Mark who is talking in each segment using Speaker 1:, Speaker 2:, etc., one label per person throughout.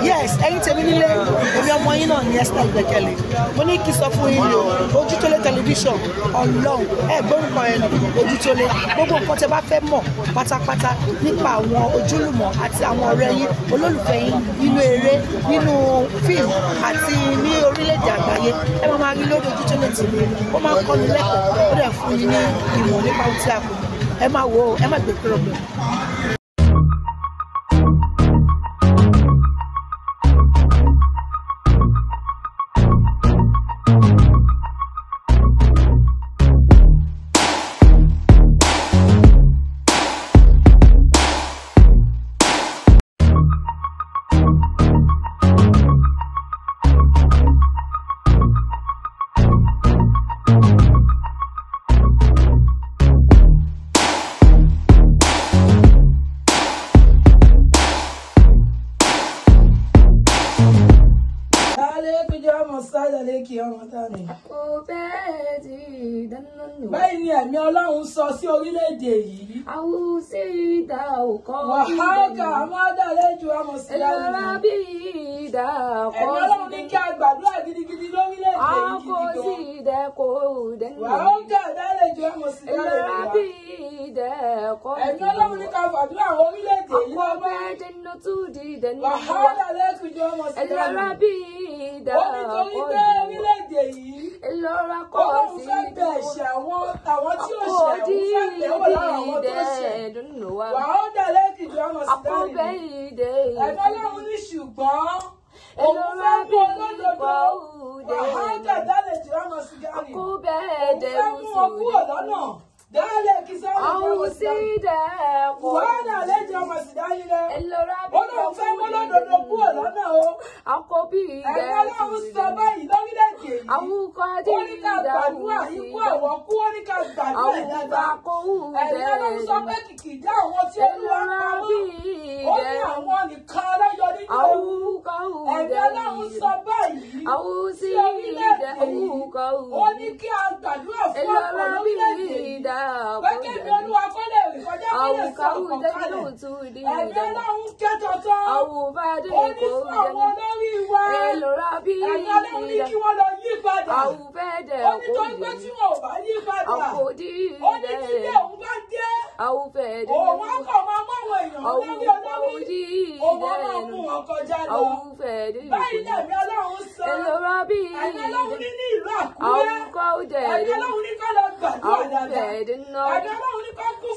Speaker 1: yes ẹ̀yin tèmi nílé èmi ọmọ yín náà ní Esther Ìgbẹ́kẹ̀lé mo ní kí sọ fún yín o Ojútólé tẹlifíṣàn Ọlọ́run ẹ gbórúkọ ẹ Ojútólé gbogbo nǹkan tẹ bá fẹ́ mọ̀ pátápátá nípa àwọn ojúlùmọ̀ àti àwọn ọ̀rẹ́ yín olólùfẹ́ yín nínú eré nínú fíìmù àti ní orílẹ̀-èdè àgbáyé ẹ máa máa rí lórí Ojútólé tìlú ó máa ń kọ́ni lẹ́kọ̀ọ́ ó dẹ̀ fún yín ní ìmọ̀ nípa ohun tí a kò ẹ máa wò ẹ má gbé lékè ọmọ tá mi. kò bẹ́ẹ̀ ti dánilọ́nù. báyìí ni ẹ̀mí ọlọ́run sọ sí orílẹ̀-èdè yìí. àwùsí ìdá òkọ́ bí ìdá. wàhálà àwọn adàlejò amọ̀sílẹ̀ yìí. ẹ̀rọ bí ìdá òkọ́ bí ìdá. ẹ̀mí ọlọ́run ní kí a gbàdúrà gidigidi lórílẹ̀-èdè yìí gidigan. àkó sí ìdẹ kò dẹ́nu. wàhálà adàlejò amọ̀sílẹ̀ yìí. ẹ̀rọ bí ìdẹ òkọ́ bí ìdá. ẹ̀mí ọlọ́run ní ká gbàdúrà orílẹ̀-èdè yìí lọ́wọ́. àkó bẹ́ẹ̀ lọ́ra kọ́ sí i. ọlọ́run fẹ́ bẹ̀ ṣe àwọn àwọn tí ó ṣe àwọn fẹ́ bẹ̀ wọ̀ lára àwọn tó ṣe. wà á dà lẹ́kìtì ọmọ sí dáàbì. ẹ̀dọ́ ọlọ́run ní ṣùgbọ́n òun fẹ́ mú olódodo wà á dà lẹ́kìtì ọmọ sí dáàbì. òun fẹ́ mú ọkú ọ̀lọ́nà dale kisa ọhún sí dẹ kọ wàhálà àlejò ọmọ sídáyé rẹ ọlọ́run fẹ́ mọlọdọdọ kúrò lọ́nà o àkọ́bí ìdẹ ẹgbẹ́ ọlọ́run sọ báyìí àwùkọ tí mi dàrú sí i àwùkọ akóhùn bẹ̀rẹ̀ ẹlẹ́ra bí ìjẹ́ àwùkọ ìjẹ́ àwùsí ìjẹ́ àwùkọ ìjẹ́ ẹlẹ́ra bí ìdá àkọ́jẹ́ àwùkọ ìjẹ́ ló tún di ìjẹ́ àwùbádé kò jẹ́ bí ẹ̀yin ló ní kí wọ́n lọ yí padà àwùfẹ́ dẹ̀ ó ní tó ń gbé tí wọn ò bá yí padà àwòdì rẹ̀ ó ní tí ilé òun bá dé àwùfẹ́ dẹ̀ òun á kọ̀ máa mọ àwọn èèyàn lórí olórí òun á máa mú wọn kọjá lọ báyìí lẹ̀mí ọlọ́run sọ ẹ̀yin ọlọ́run ní ní ìlú àkúrẹ́ ẹ̀yin kọ́ lọ gbàdúrà dáadáa ẹ̀yin ọlọ́run ní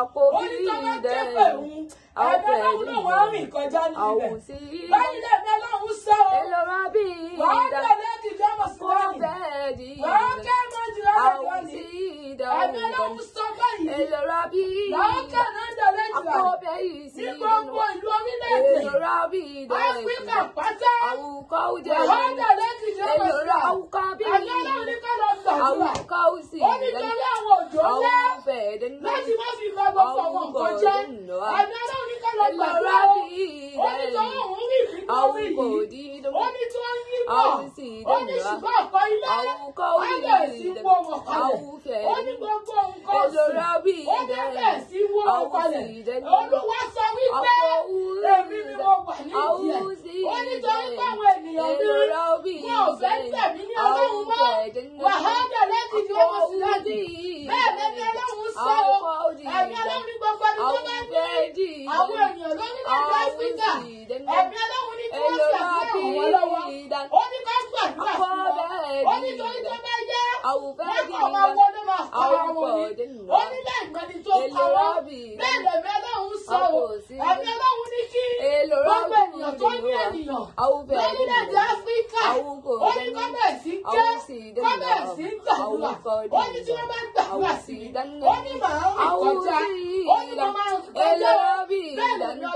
Speaker 1: àkóbí ìdẹ àfẹ ìdí àwùsí èlòrán bí ìdá kó bẹ́ẹ̀ di ìdá àwùsí ìdá òǹkọ̀ni èlòrán bí ìdá àkóbẹ́ ìsí ìlú èlòrán bí ìdá ẹ̀kọ́ àwùkọ́ òjẹ́ èlòrán àwùkọ́ bí ìdá àwùkọ́. lọ fọ ọmọ nǹkan jẹ́ ẹ̀mí ọlọ́run ní ká lọ gbàdúrà ó ní tó ń rí ìfìdórí yìí ó ní tó ń yí bọ̀ ó ní ṣùgbọ́n ọ̀pọ̀ ilé ẹgbẹ́ sí wọ wọn kalẹ̀ ó ní gbogbo nǹkan ọ̀sìn ó ní ẹgbẹ́ sí wọ wọn kalẹ̀ olúwa sọ wípé èmi ni mo wà ní ìdíyẹ ó ní tó ń báwọn ènìyàn ní wọn ò fẹ́ tẹ̀mí ní ọlọ́run mọ́ wàhálà lẹ́bi ni ó mọ̀ sí láti bẹ́ẹ̀ lẹ́ni ọlọ́run sọ nígbà ẹ̀mí ọlọ́run ní kí wọ́n ṣàfihàn wọn lọ́wọ́ ó ní kó gbàdúrà sí wọn ó ní torí tó bá yá lẹ́kọ̀ọ́ máa wọ́n ló máa fa wọn ni ó ní bẹ́ẹ̀ gbẹ́ni tó parọ́ bẹ́ẹ̀ lẹ̀mí ọlọ́run sọ o ẹ̀mí ọlọ́run ní kí gbogbo ènìyàn tó ní ènìyàn lórílẹ̀‐èdè áfíríkà ó ní kó bẹ̀ sí jẹ́ kó bẹ̀ sí gbàdúrà ó ní tí wọ́n bá gbàdúrà sí ó ní màá rìn kọjá ó ní màá rìn kọjá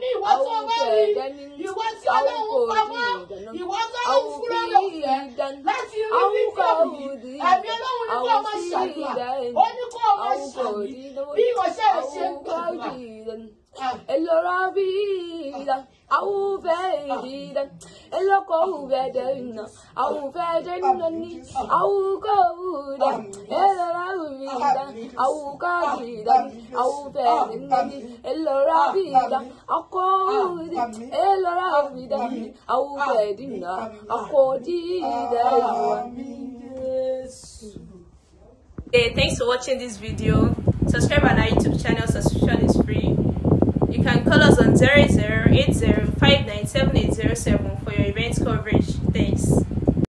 Speaker 1: ní ìwọ tí ọlọ́run ìwọ tí ọlọ́run pamọ́ ìwọ ọlọ́run la rabida auvedida el loco uvedena auvedena ni aucouda el rabida aucouda auvedena ni el rabida aucouda el rabida auvedena aucodida Hey, thanks for watching this video. Subscribe on our YouTube channel, subscription is free. You can call us on 0080 for your event coverage. Thanks.